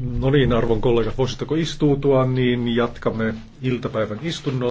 No niin, arvon kollegat, voisitteko istuutua, niin jatkamme iltapäivän istunnon.